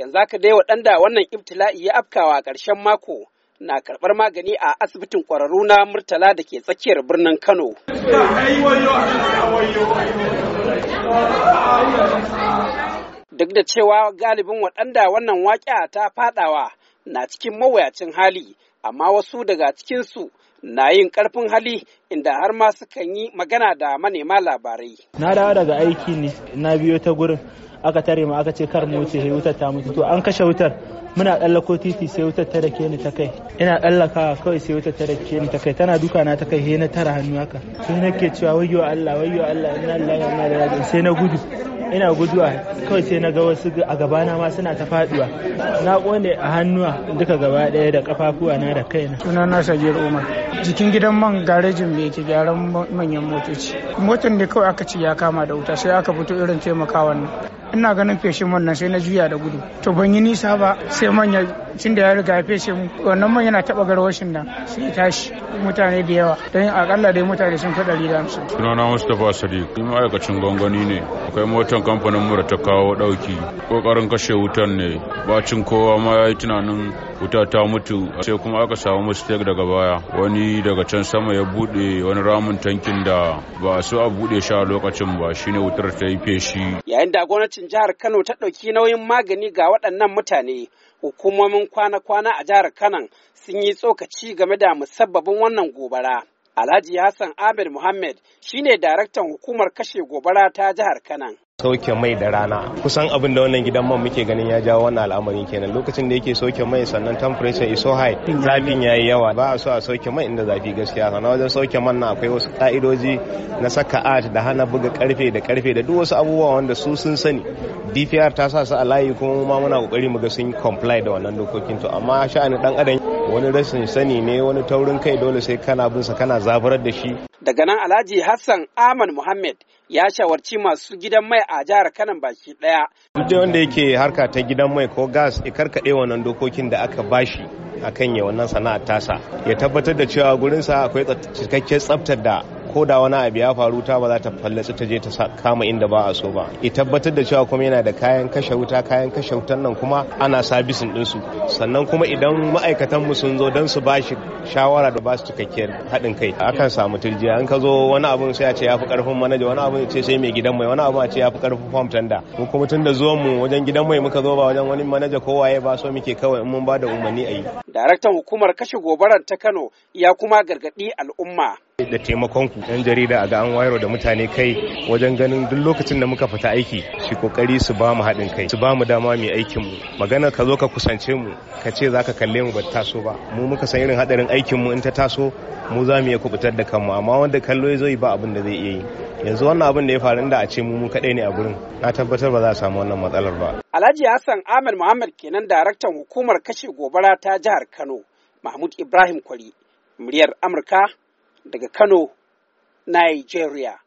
yanzu haka dai waɗanda wannan ibtila'i ya afkawa a ƙarshen mako na karɓar magani a asibitin ƙwararru na murtala da ke tsakiyar birnin kano duk da cewa galibin waɗanda wannan waƙa ta faɗawa na cikin mawuyacin hali amma wasu daga cikinsu na yin ƙarfin hali inda har ma sukan yi magana da manema labarai na dawo daga aiki ne na biyo ta gurin aka tare mu aka ce kar mu wuce sai wutar ta mutu to an kashe wutar muna tsallako titi sai wutar ta dake ni ta kai ina tsallaka kawai sai wutar ta dake ni ta kai tana duka na ta kai he na tara hannu haka sai nake cewa wayyo Allah wayyo Allah inna lillahi wa inna ilaihi raji'un sai na gudu ina guduwa kawai sai na ga wasu a gabana ma suna ta faduwa na kone a hannuwa duka gaba daya da kafafuwa na da kaina suna na shagir umar jikin gidan man garejin mai yake gyaran manyan motoci motan da kawai aka ci ya kama da wuta sai aka fito irin taimakawa nan ina ganin feshin wannan sai na juya da gudu to ban yi nisa ba sai manya cin da ya riga ya fece wannan man yana taba garwashin nan sai tashi mutane da yawa don yin akalla dai mutane sun fi ɗari da hamsin. sunana mustapha sadiq ni ma'aikacin gwangwani ne akwai motan kamfanin mu da ta kawo ɗauki ƙoƙarin kashe wutan ne bacin kowa ma ya yi tunanin wuta ta mutu sai kuma aka samu mistake daga baya wani daga can sama ya bude wani ramin tankin da ba su a bude shi a lokacin ba shine wutar ta yi feshi yayin da gwamnatin jihar Kano ta ɗauki nauyin magani ga waɗannan mutane hukumomin kwana-kwana a jihar Kano sun yi tsokaci game da musabbabin wannan gobara Alhaji Hassan Ahmed Muhammad shine daraktan hukumar kashe gobara ta jihar Kano sauke mai da rana kusan abin da wannan gidan man muke ganin ya jawo wannan al'amarin kenan lokacin da yake sauke mai sannan temperature is so high zafin ya yi yawa ba a so a sauke mai inda zafi gaskiya sannan wajen sauke man na akwai wasu ka'idoji na saka art da hana buga karfe da karfe da duk wasu abubuwa wanda su sun sani DPR ta sa su a layi kuma ma muna kokari mu ga sun comply da wannan dokokin to amma sha'anin dan adam wani rashin sani ne wani taurin kai dole sai kana bin sa kana zaburar da shi Daga nan Alhaji Hassan aman Muhammad ya shawarci masu gidan mai a jihar Kanan baki daya. Duk wanda yake harka ta gidan mai ko gas ya karkade wannan dokokin da aka bashi akan ya wannan sana'a tasa ya tabbatar da cewa gurinsa akwai cikakken tsaftar da ko da wani abu ya faru ta ba za ta fallasa ta je ta kama inda ba a so ba i tabbatar da cewa kuma yana da kayan kashe wuta kayan kashe wutan nan kuma ana sabisin ɗinsu sannan kuma idan ma'aikatan mu sun zo don su ba shawara da ba su cikakkiyar haɗin kai akan samu turjiya an ka zo wani abun sai a ce ya fi ƙarfin manaja wani abun ce sai mai gidan mai wani abun a ce ya fi ƙarfin form tanda mu kuma tun da zuwan mu wajen gidan mai muka zo ba wajen wani manaja ko waye ba so muke kawai in mun ba da umarni ayi. daraktan hukumar kashe gobarar ta Kano ya kuma gargaɗi al'umma da taimakon ku yan jarida a ga an wayar da mutane kai wajen ganin duk lokacin da muka fita aiki shi kokari su ba mu haɗin kai su ba mu dama mu aikin mu magana ka zo ka kusance mu ka ce zaka kalle mu ba taso ba mu muka san irin hadarin aikin mu in ta taso mu za mu iya kubutar da kanmu amma wanda kallo ya zo ba abin da zai iya yi yanzu wannan abin da ya faru inda a ce mu mu kadai ne a gurin na tabbatar ba za a samu wannan matsalar ba Alhaji Hassan Ahmed Muhammad kenan daraktan hukumar kashe gobara ta jihar Kano Mahmud Ibrahim Kwari muryar Amurka daga Kano, Nigeria.